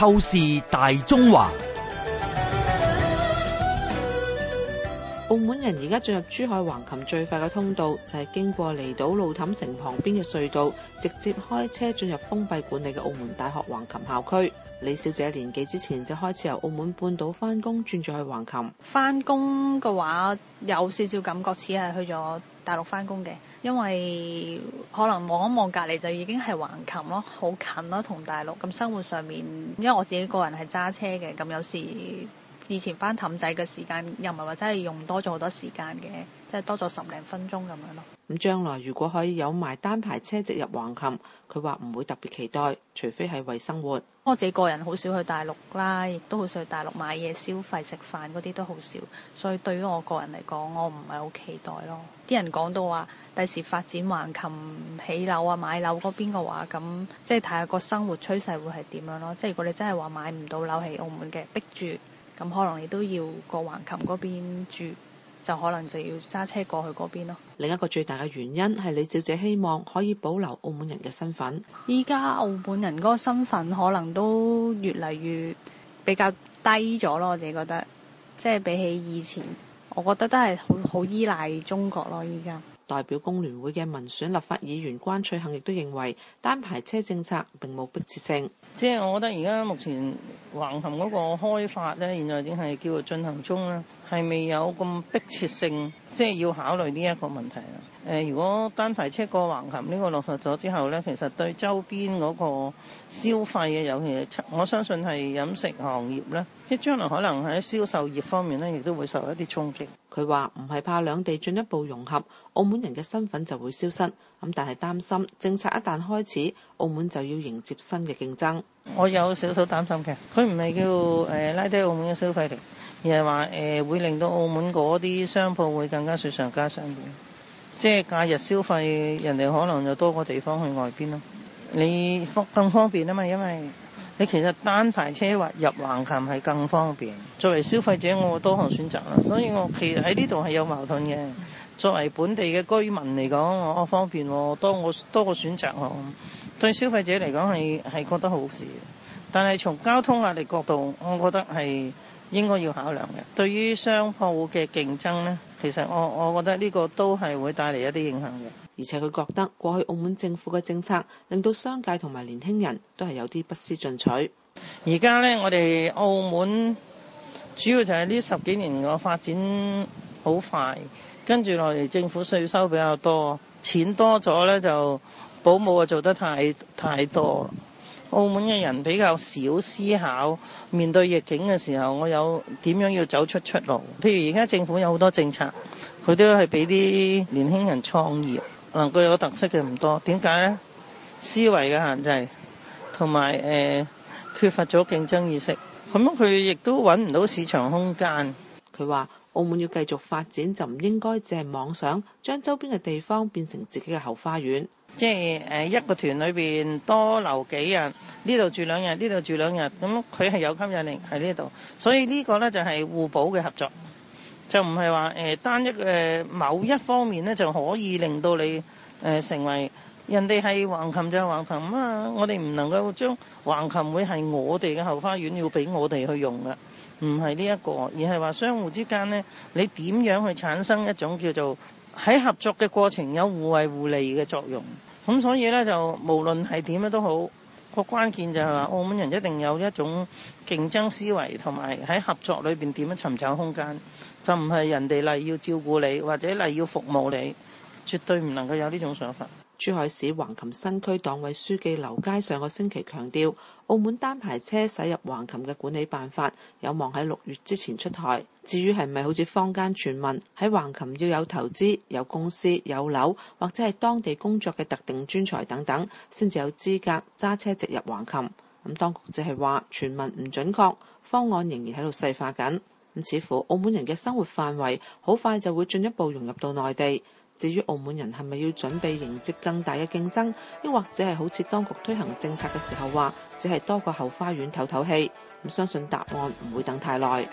透視大中華。澳門人而家進入珠海橫琴最快嘅通道，就係經過離島路氹城旁邊嘅隧道，直接開車進入封閉管理嘅澳門大學橫琴校區。李小姐年紀之前就開始由澳門半島翻工，轉咗去橫琴。翻工嘅話，有少少感覺似係去咗大陸翻工嘅，因為可能望一望隔離就已經係橫琴咯，好近咯，同大陸。咁生活上面，因為我自己個人係揸車嘅，咁有時。以前返氹仔嘅時間又唔係話真係用多咗好多時間嘅，即係多咗十零分鐘咁樣咯。咁將來如果可以有埋單牌車直入橫琴，佢話唔會特別期待，除非係為生活。我自己個人好少去大陸啦，亦都好少去大陸買嘢、消費、食飯嗰啲都好少，所以對於我個人嚟講，我唔係好期待咯。啲人講到話第時發展橫琴起樓啊、買樓嗰邊嘅話，咁即係睇下個生活趨勢會係點樣咯。即係如果你真係話買唔到樓喺澳門嘅，逼住。咁可能你都要過橫琴嗰邊住，就可能就要揸車過去嗰邊咯。另一個最大嘅原因係李小姐希望可以保留澳門人嘅身份。依家澳門人嗰個身份可能都越嚟越比較低咗咯，我自己覺得，即係比起以前，我覺得都係好好依賴中國咯，依家。代表工聯會嘅民選立法議員關翠杏亦都認為，單牌車政策並冇迫切性。即係我覺得而家目前橫琴嗰個開發咧，現在已經係叫做進行中啦。係未有咁迫切性，即係要考慮呢一個問題啦。誒，如果單牌車過橫琴呢個落實咗之後呢，其實對周邊嗰個消費嘅尤其係，我相信係飲食行業呢，即係將來可能喺銷售業方面呢，亦都會受一啲衝擊。佢話唔係怕兩地進一步融合，澳門人嘅身份就會消失。咁但係擔心政策一旦開始，澳門就要迎接新嘅競爭。我有少少擔心嘅，佢唔係叫誒拉低澳門嘅消費力。而係話誒，會令到澳門嗰啲商鋪會更加雪上加霜啲，即係假日消費，人哋可能就多個地方去外邊咯。你方更方便啊嘛，因為你其實單牌車或入橫琴係更方便。作為消費者，我多項選擇啦，所以我其實喺呢度係有矛盾嘅。作為本地嘅居民嚟講，我方便多，我多個，多個選擇，對消費者嚟講係係覺得好事。但係從交通壓力角度，我覺得係應該要考量嘅。對於商鋪嘅競爭呢，其實我我覺得呢個都係會帶嚟一啲影響嘅。而且佢覺得過去澳門政府嘅政策令到商界同埋年輕人都係有啲不思進取。而家呢，我哋澳門主要就係呢十幾年個發展好快，跟住落嚟政府稅收比較多，錢多咗呢，就保姆啊做得太太多。澳門嘅人比較少思考，面對逆境嘅時候，我有點樣要走出出路？譬如而家政府有好多政策，佢都係俾啲年輕人創業，能夠有特色嘅唔多。點解呢？思維嘅限制，同埋誒缺乏咗競爭意識，咁佢亦都揾唔到市場空間。佢話。澳門要繼續發展，就唔應該淨係妄想，將周邊嘅地方變成自己嘅後花園。即係一個團裏邊多留幾日，呢度住兩日，呢度住兩日，咁佢係有吸引力喺呢度。所以呢個呢，就係互補嘅合作，就唔係話誒單一誒某一方面呢，就可以令到你誒成為人哋係橫琴就係橫琴啊！我哋唔能夠將橫琴會係我哋嘅後花園，要俾我哋去用噶。唔係呢一個，而係話相互之間呢，你點樣去產生一種叫做喺合作嘅過程有互惠互利嘅作用。咁所以呢，就無論係點樣都好，個關鍵就係話澳門人一定有一種競爭思維，同埋喺合作裏邊點樣尋找空間，就唔係人哋嚟要照顧你，或者嚟要服務你。絕對唔能夠有呢種想法。珠海市橫琴新區黨委書記劉佳上個星期強調，澳門單牌車駛入橫琴嘅管理辦法有望喺六月之前出台。至於係咪好似坊間傳聞喺橫琴要有投資、有公司、有樓，或者係當地工作嘅特定專才等等，先至有資格揸車直入橫琴咁，當局只係話傳聞唔準確，方案仍然喺度細化緊。咁似乎澳門人嘅生活範圍好快就會進一步融入到內地。至於澳門人係咪要準備迎接更大嘅競爭？亦或者係好似當局推行政策嘅時候話，只係多個後花園透透氣咁，相信答案唔會等太耐。